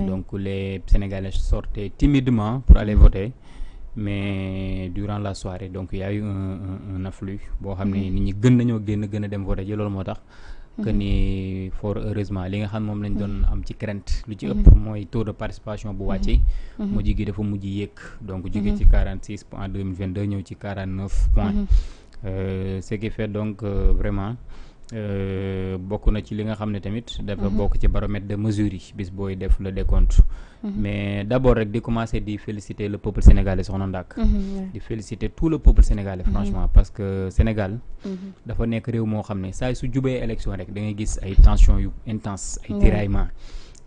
Oui. Donc les Sénégalais sortaient timidement pour aller mhm. voter. mais durant la soirée donc il y a eu un, un, un afflux boo xam ne mhm. nit ñi gën nañoo génn gën a dem voté ji loolu moo que mhm. ni fort heureusement li nga xam moom lañ doon am ci crainte lu ci ëpp mooy taux de participation bu wàcce mujj gi dafa mujj yéeg donc jóge ci 46 en 2022 ci 49 points euh, ce qui fait donc euh, vraiment euh, bokku na ci li nga xam ne tamit. dafa mhm. bokk ci baromètre de mesure yi bis boy def le décompte. Mhm. mais d'abord rek di commencer di féliciter le peuple sénégalais soxna Ndak. Mhm, di féliciter tout le peuple sénégalais franchement parce que Sénégal. dafa nek rew mo xam say su jubee élection rek da ngay gis ay tensions yu intense ay tiraillement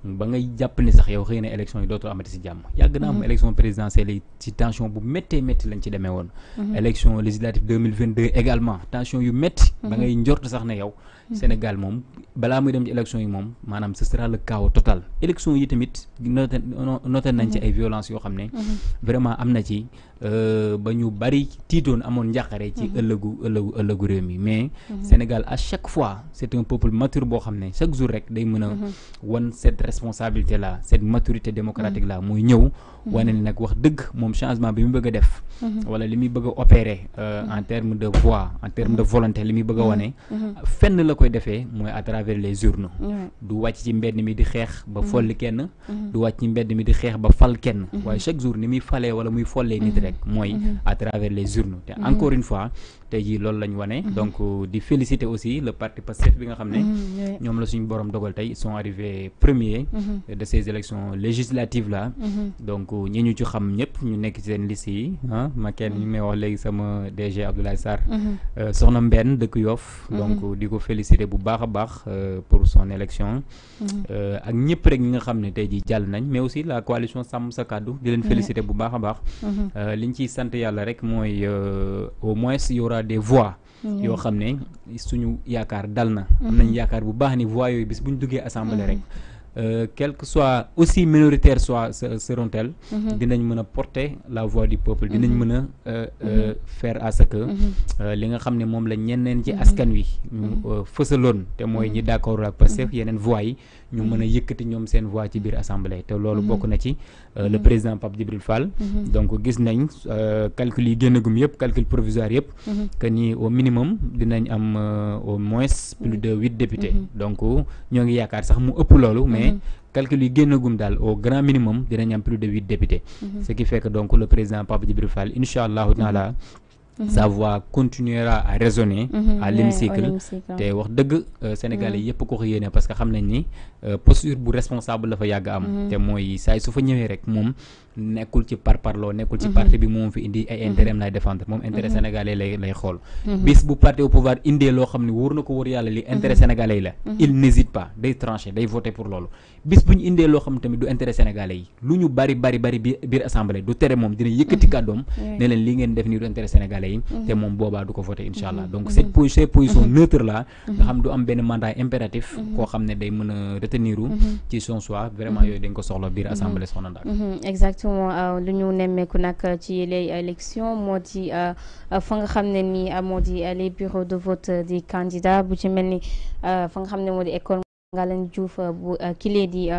ba ngay japp ni sax yow xeyna na élection yi dootul amati si jàmm yàgg na am mhm. élection présidentielle yi ci tension bu méttee métti lañ ci demee woon mhm. élection législative 2022 également tension yu métti ba mhm. ngay njort sax ne yow Sénégal moom balaa muy dem ci élection yi moom maanaam ce sera le chaos total élection yi tamit noté noté nañ ci ay violence yoo xam ne vraiment am na ci euh, bañu bari titone amone njàqare ci mhm. ëllëgu ëllëgu ëllëgu réew mi mais mhm. Sénégal à chaque fois c'est un peuple mature bo xamné chaque jour rek day mëna mhm. won cette responsabilité là cette maturité démocratique là moy ñëw wané nak wax dëgg mom changement bi mu bëgg def wala li bëgg a opérer euh, en terme de voix en terme de volonté li bëgg wané fenn la koy défé moy à travers les urnes du wacc ci mbéd mi di xeex ba fol kenn du wacc ci mbéd mi di xeex ba fal kenn waaye chaque jour ni mi falé, wala muy folé ni rek mooy mhm. à travers les urnes te mhm. encore une fois tay jii la lañ wane. Mhm. donc euh, di féliciter aussi le parti Pastef bi nga xam ne. Mhm, ñoom la suñu borom dogal tey sont arrivés premiers. Mhm. de ces élections législatives là. donc euh, ñi ñu ci xam ñëpp ñu nekk ci seen liste yi ah ma kenn ñu may wax léegi sama DG Abdoulaye Sarr. Euh, soxna Mbène dëkk Yoff. donc di ko féliciter bu baax a baax pour son élection. ak ñëpp rek ñi nga xam ne tey jii jàll nañ mais aussi la coalition Sàmm Sa Kàddu di leen féliciter bu baax a baax. liñ ciy sant yàlla rek mooy au moins aura des voix mhm. yoo xam ne suñu yaakaar dal na mhm. am nañ yaakaar bu baax ni voix yooyu bis bu ñu duggee assemblée mhm. rek Euh, quel que soit aussi minoritaire soit seront-elles mhm. dinañ mën porter la voix du peuple dinañ mhm. mën a euh, mhm. euh, faire à ce que li nga xamné mom la ñeneen ci askan wi ñu fësaloon te mooy ñi d'accord ak Pastef yenen voix yi ñu mën yëkëti ñom ñoom seen voix ci biir assemblée te lolu bokk na ci le président Pape Djibril Fall donc gis nañ calcul yi génnagum yëpp calcul provisoire yëpp que ni au minimum dinañ am au moins plus de 8 députés donc ñoo ngi yaakaar sax mu ëpp lolu mais mais calcul au grand minimum dinañ a plus de 8 députés mhm. ce qui fait que donc le président Pape Djibril Fall mhm. Mhm. sa voix continuera à résonner à l'hémicycle te wax deug sénégalais yépp ko parce que xam ni euh, bu responsable la nekkul ci parparloo nekkul ci mhm. parti bi moom fi indi ay mhm. intérêt am lay défendre moom intérêt mhm. sénégalais lay lay xool bis bu parti au pouvoir loo xam ne wóor na ko wóor yàlla li intérêt sénégalais yi la il n'hésite pas day tranché day voté pour loolu bis bu ñu indee loo xam ne tamit du intérêt sénégalais yi lu ñu bari bari biir assemblée du tere moom dina yëkkati kàddoom ne leen li ngeen def nii du intérêt yi te moom boobaa du ko voté incha allah donc cette position neutre là nga a situation euh, lu ñu nemmeeku nak ci les élections modi euh, euh, fa nga xamné ni modi les bureaux de vote des candidats bu ci melni fa nga xamné modi école Ngalandou Diouf bu kilé di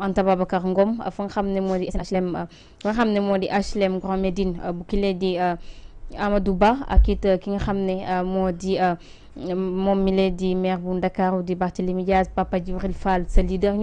Anta Babacar Ngom fa nga xamné modi moo HLM nga xamné modi HLM Grand Médine bu kilé di Amadou Ba ak it ki nga xamné modi mom di mi lee di maire bu Ndakaaru di Barthélémy diaz Papa Djibril Fall sa leader